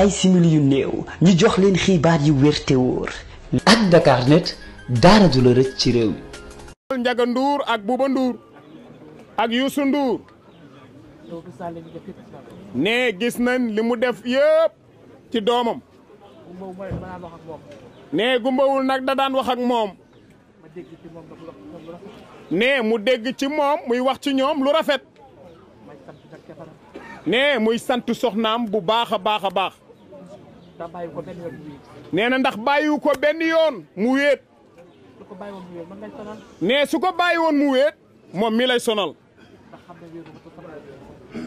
ay simili néew ñu jox leen xibaar yu wér te wóor. ak Dakarnet ci réew mi. Ndiaga ak Bouba ak Youssou Ndour gis nañ li mu def yëpp ci doomam. ne gumbawul nag da daan wax ak moom. ne mu dégg ci moom muy wax ci ñoom lu rafet. ne muy sant soxnaam bu baax a baax a baax. ndax bàyyi ko benn nee na ndax bàyyiwu ko benn yoon mu wéet. su nee su ko bàyyi woon mu wéet moom mii lay sonal.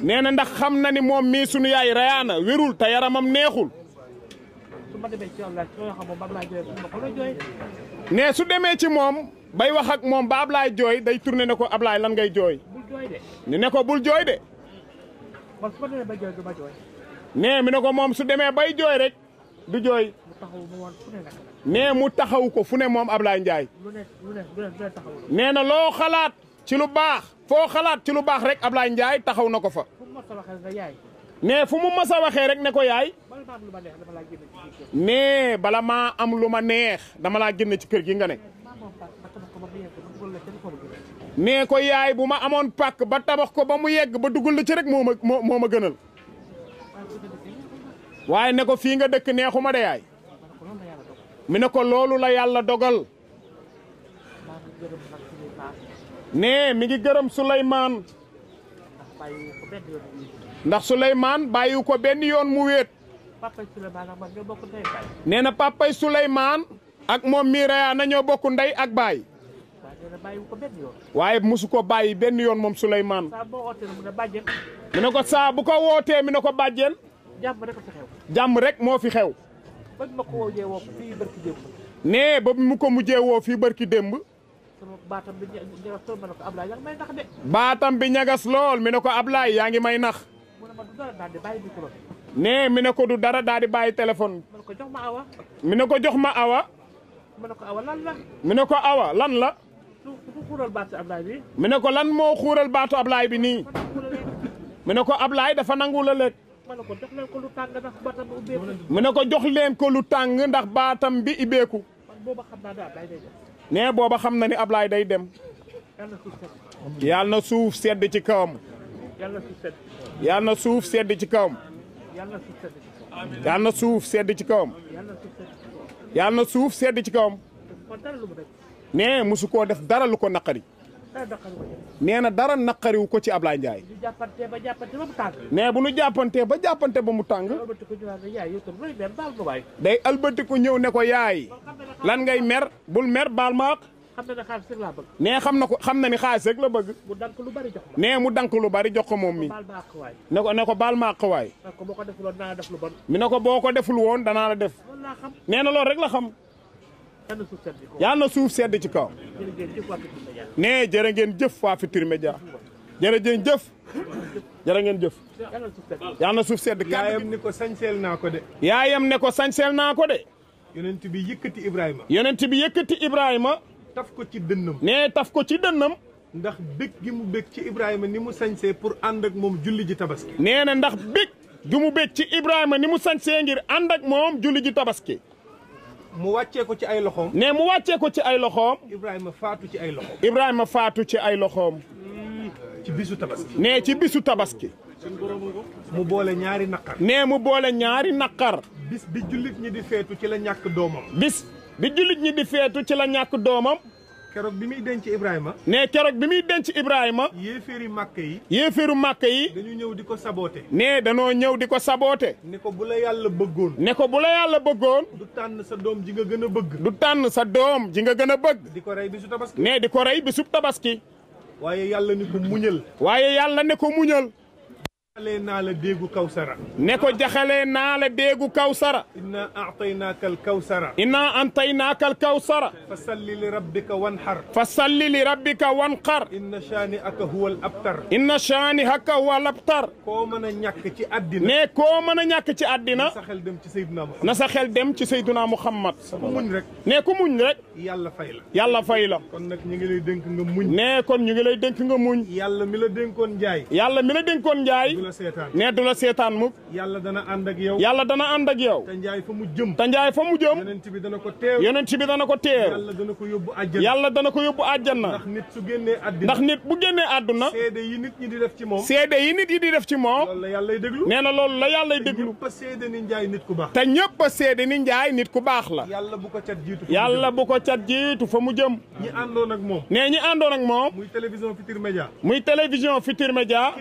nee na ndax xam na ni moom mii sunu yaay rayaana wérul te yaramam neexul. nee su demee ci moom bay wax ak moom ba Ablaay jooy day tourné ne ko Ablaay lan ngay jooy. ñu ne ko bul jooy de. nee mi ne ko moom su demee bay jooy rek du jooy. nee mu taxaw ko fu ne moom Ablaye Ndiaye. nee na loo xalaat ci lu baax. foo xalaat ci lu baax ab Ablaye Ndiaye taxaw na ko fa. nee fu mu mas waxee rek ne ko yaay. nee bala maa am lu ma neex dama laa génne ci kër gi nga ne. nee ko yaay bu ma amoon pàkk ba tabax ko ba mu yegg ba dugal la ci rek moo ma moo ma gënal. waaye ne ko fii nga dëkk neexuma de yaay mi ne ko loolu la yàlla dogal nee mi ngi gërëm Souleymane ndax Souleymane bàyyiwu ko benn yoon mu wéet nee na papay Souleymane ak moom mii rayaa na ñoo bokk ndey ak baay waaye musu ko bàyyi benn yoon moom Souleymane mu ne ko saa bu ko wootee mi ne ko bàjjen jàmm rek jàmm rek moo fi xew. ban ko mujjee nee ba mu ko mujjee woo fii barki démb. baatam bi ñagas lool mi ne ko Ablaye yaa baatam bi ñagas lool mi ne ko Ablaye yaa ngi may nax. nee mi ne ko du dara daal di bàyyi téléphone. mi ne ko jox ma awa. mi ne ko jox ma awa. mi ko awa lan la. mi ne ko awa lan la. mi ne ko lan moo xuural baatu Ablaye bi nii. mi ne ko Ablaye dafa nangu la lekk. mu ne ko jox leen ko lu tàng ndax baatam bi ibbeeku nee booba xam na ni ab Ablaay day dem yàlla na suuf sedd ci kawam yàlla na suuf sedd ci kawam yàlla na suuf sedd ci kawam yàlla na suuf sedd ci kawam nee musu koo def dara lu ko naqari nee na dara naqariwu ko ci Ablaye Ndiaye. nee bu nu jàppante ba jàppante ba mu tàng. day albatiku ñëw ne ko yaay. lan ngay mer bul mer baal maak nee xam na ko xam na ni xaalis rek la bëgg. nee mu dank lu bari jox ko moom mi. ne ko ne ko baal ma àq waay. mi ne ko boo ko deful woon danaa la def. nee na loolu rek la xam. yàlla na suuf sedd ci kaw nee jërë ngeen jëf waa Futurs Médias jërë ngeen jëf jërë ngeen jëf yàlla na suuf sedd yaayam ne ko sañseel naa ko de yaayam ne ko sañseel naa ko de yonent bi yëkkati Ibrahima yonent bi yëkkati Ibrahima taf ko ci dënnam nee taf ko ci dënnam ndax bég gi mu bég ci Ibrahima ni mu sañsee pour ànd ak moom julli ji tabaski nee na ndax bég gi mu bég ci Ibrahima ni mu sañsee ngir ànd ak moom julli ji tabaski mu wàccee ko ci ay loxoom. ne mu wàccee ko ci ay loxoom. Ibrahima faatu ci ay loxoom. Ibrahima faatu ci ay loxoom. ci bisu tabaski. ne ci bisu tabaski. mu boole ñaari naqar. nee mu boole ñaari naqar. bis bi ñi di feetu ci la ñàkk doomam. bis bi jullit ñi di feetu ci la ñàkk doomam. keroog bi muy denc Ibrahima. ne keroog bi muy denc Ibrahima. yéeféeri màkk yi. yéeféeru màkk yi. dañu ñëw di ko saboote. ne danoo ñëw di ko saboote. ne ko bu yàlla bëggoon. ne ko bu yàlla bëggoon. du tànn sa doom ji nga gën a bëgg. du tànn sa doom ji nga gën a bëgg. di ko rey bisu tabaski. ne di ko rey bisu tabaski. waaye yàlla ne ko muñal. waaye yàlla ne ko muñal. jaxalee naa la déegu kawsara. ne ko jaxalee naa la déegu kawsara. inna a'taynaaka al-kawsara. inna a'taynaaka al-kawsara. fasalli li rabbika wanhar. fasalli li rabbika wanhar. inna shaani'aka huwal abtar. inna shaani'aka huwal abtar. koo mën a ñàkk ci àddina. ne koo mën a ñàkk ci àddina. na sa xel dem ci Seydina Muhammad. na sa xel dem ci Seydina Muhammad. ku muñ rek. ne ku muñ rek. yàlla fay la. yàlla fay la. kon nag ñu ngi lay dénk nga muñ. ne kon ñu ngi lay dénk nga muñ. yàlla mi la dénkoon njaay. yàlla mi la dénkoon njaay. la seetaan ne du la seetaan mukk yàlla dana ànd ak yow yàlla dana ànd ak njaay fa mu jëm te njaay fa mu jëm yonent bi bi dana ko teew yàlla dana ko yóbbu àjjana ndax nit bu génnee àdduna seede yi nit yi di def ci moom la yàllay déglu nee na loolu la yàllay déglu te ñëpp a seede ni njaay nit ku baax a la yàlla bu ko cat jiitu fa mu jëm nee ñi àndoon ak moom muy télévision Futurs Médias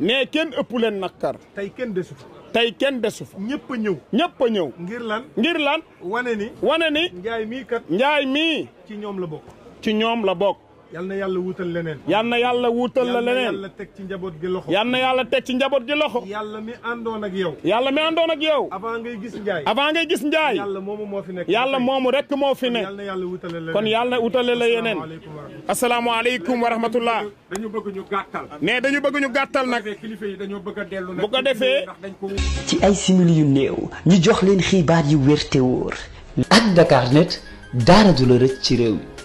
muy mais kenn ëpp leen nakkar tey kenn desu fa tey kenn desu fa ñëpp a ñëw ñëpp ñëw ngir lan ngir lan wane ni wane ni njaay mii kat njaay mii ci ñoom la bokk ci ñoom la bokk yal yàlla wuutal leneen. yal na yàlla wuutal la leneen. yal yàlla teg ci njaboot gi loxo. yal na yàlla teg ci njaboot gi loxo. yàlla mi àndoon ak yow. yàlla mi àndoon ak yow. avant ngay gis Ndiaye. avant ngay gis Ndiaye. yàlla moomu moo fi nekk. yàlla moomu rek moo fi nekk. yal na yàlla wuutale la leneen kon yal na wuutale la yeneen. asalaamaaleykum wa rahmatullah. dañu bëgg ñu gàttal. mais dañu bëgg ñu gàttal nag. bu ko defee. ci ay simili yu néew ñu jox leen xibaar yu wér te wóor. ak Dakarnet dara du la rëcc ci réew mi